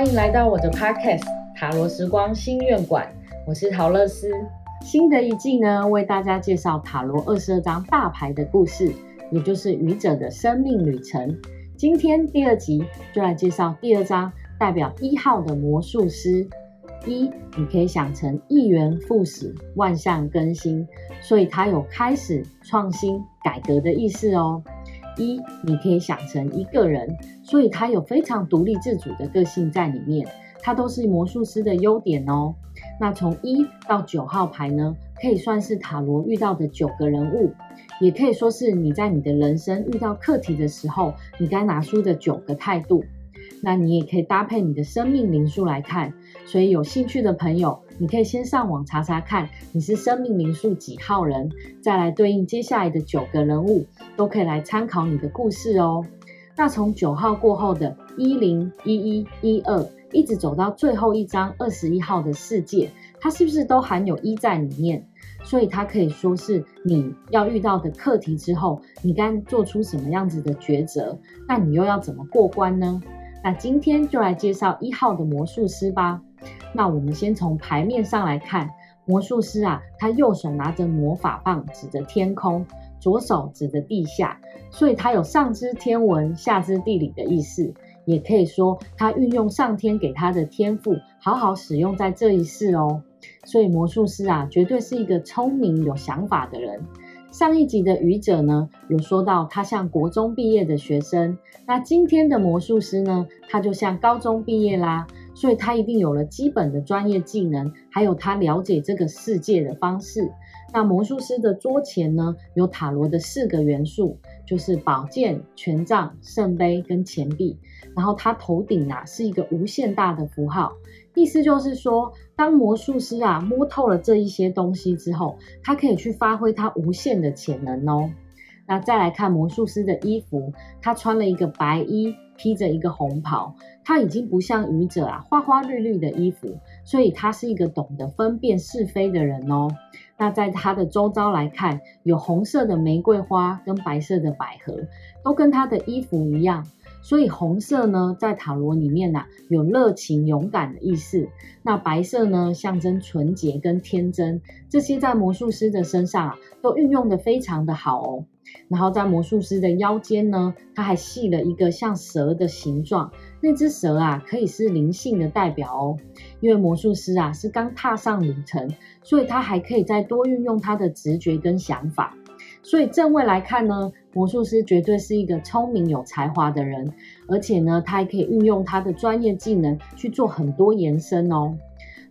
歡迎來到我的 podcast 塔羅食光心願館，我是桃樂絲。新的一季呢，為大家介紹塔羅二十二張大牌的故事，也就是愚者的生命旅程。今天第二集就來介紹第二張代表一號的魔術師。一，你可以想成一元復始，萬象更新，所以它有開始創新改革的意思哦。一，你可以想成一個人，所以他有非常獨立自主的個性在裡面，他都是魔術師的優點哦。那從一到九號牌呢，可以算是塔羅遇到的九個人物，也可以說是你在你的人生遇到課題的時候，你該拿出的九個態度。那你也可以搭配你的生命靈數來看，所以有興趣的朋友，你可以先上網查查看你是生命靈數幾號人，再來對應接下來的九個人物，都可以來參考你的故事哦。那從九號過後的一零、一一、一二，一直走到最後一張二十一號的世界，它是不是都含有一在裡面？所以它可以說是你要遇到的課題之後，你該做出什麼樣子的抉擇，那你又要怎麼過關呢？那今天就來介紹一號的魔術師吧。那我們先從牌面上來看，魔術師啊，他右手拿着魔法棒，指着天空，左手指着地下，所以他有上知天文、下知地理的意思。也可以說，他運用上天給他的天賦，好好使用在這一世哦。所以魔術師啊，絕對是一個聰明有想法的人。上一集的愚者呢，有說到他像國中畢業的學生，那今天的魔術師呢，他就像高中畢業啦。所以他一定有了基本的專業技能，還有他了解這個世界的方式。那魔術師的桌前呢，有塔羅的四個元素，就是寶劍、權杖、聖杯跟錢幣。然後他頭頂啊，是一個無限大的符號。意思就是說，當魔術師啊摸透了這一些東西之後，他可以去發揮他無限的潛能哦。那再來看魔術師的衣服，他穿了一個白衣，披着一個紅袍，他已經不像愚者啊，花花綠綠的衣服，所以他是一個懂得分辨是非的人哦。那在他的周遭來看，有紅色的玫瑰花跟白色的百合，都跟他的衣服一樣。所以紅色呢，在塔羅裡面吶、啊，有熱情、勇敢的意思。那白色呢，象徵純潔跟天真。這些在魔術師的身上啊，都運用得非常的好哦。然後在魔術師的腰間呢，他還繫了一個像蛇的形狀。那隻蛇啊，可以是靈性的代表哦。因為魔術師啊，是剛踏上旅程，所以他還可以再多運用他的直覺跟想法。所以正位來看呢，魔術師絕對是一個聰明有才華的人，而且呢，他還可以運用他的專業技能去做很多延伸哦。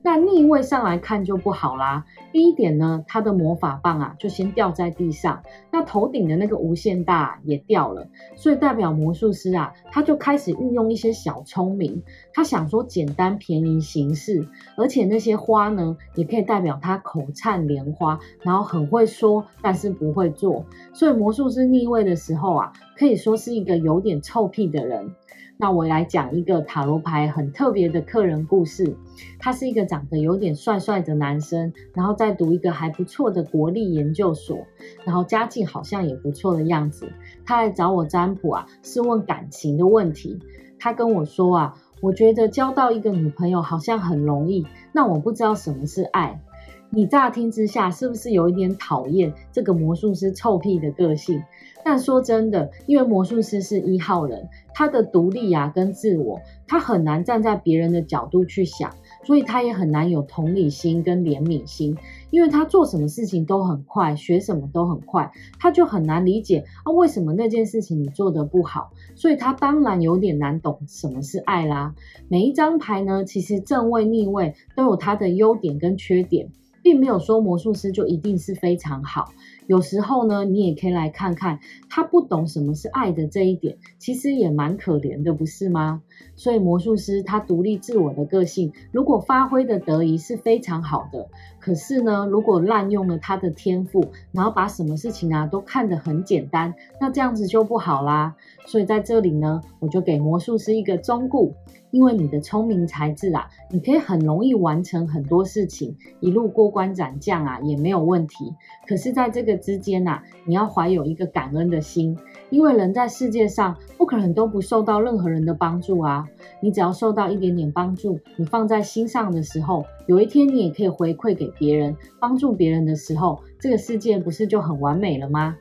那逆位上來看就不好啦。第一點呢，他的魔法棒啊就先掉在地上，那頭頂的那個無限大啊，也掉了，所以代表魔術師啊，他就開始運用一些小聰明，他想說簡單便宜行事。而且那些花呢也可以代表他口燦蓮花，然後很會說，但是不會做，所以魔術師逆位的時候啊，可以說是一個有點臭屁的人。那我來講一個塔羅牌很特別的客人故事。他是一個長得有點帥帥的男生，然後在讀一個還不錯的國立研究所，然後家境好像也不錯的樣子。他來找我占卜啊，是問感情的問題。他跟我說啊，我覺得交到一個女朋友好像很容易，那我不知道什麼是愛。你乍聽之下是不是有一點討厭這個魔術師臭屁的個性？但說真的，因為魔術師是一號人，他的獨立呀、啊、跟自我，他很難站在別人的角度去想，所以他也很難有同理心跟憐憫心。因為他做什麼事情都很快，學什麼都很快，他就很難理解啊為什麼那件事情你做得不好。所以他當然有點難懂什麼是愛啦。每一張牌呢，其實正位逆位都有它的優點跟缺點。並沒有說魔術師就一定是非常好，有時候呢，你也可以來看看他不懂什麼是愛的這一點，其實也蠻可憐的，不是嗎？所以魔術師他獨立自我的個性，如果發揮的得宜，是非常好的。可是呢，如果濫用了他的天賦，然後把什麼事情啊都看得很簡單，那這樣子就不好啦。所以在這裡呢，我就給魔術師一個忠告：因為你的聰明才智啊，你可以很容易完成很多事情，一路過關斬將啊也沒有問題。可是，在這個之間啊，你要懷有一個感恩的心，因為人在世界上不可能都不受到任何人的幫助啊。你只要受到一點點幫助，你放在心上的時候，有一天你也可以回饋給他。別人幫助別人的時候，這個世界不是就很完美了嗎？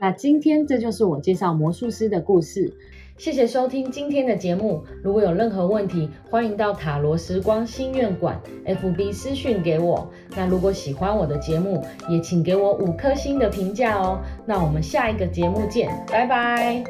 那今天這就是我介紹魔術師的故事。謝謝收聽今天的節目。如果有任何問題，歡迎到塔羅時光心願館 FB 私訊給我。那如果喜歡我的節目，也請給我五顆星的評價哦。那我們下一個節目見，拜拜。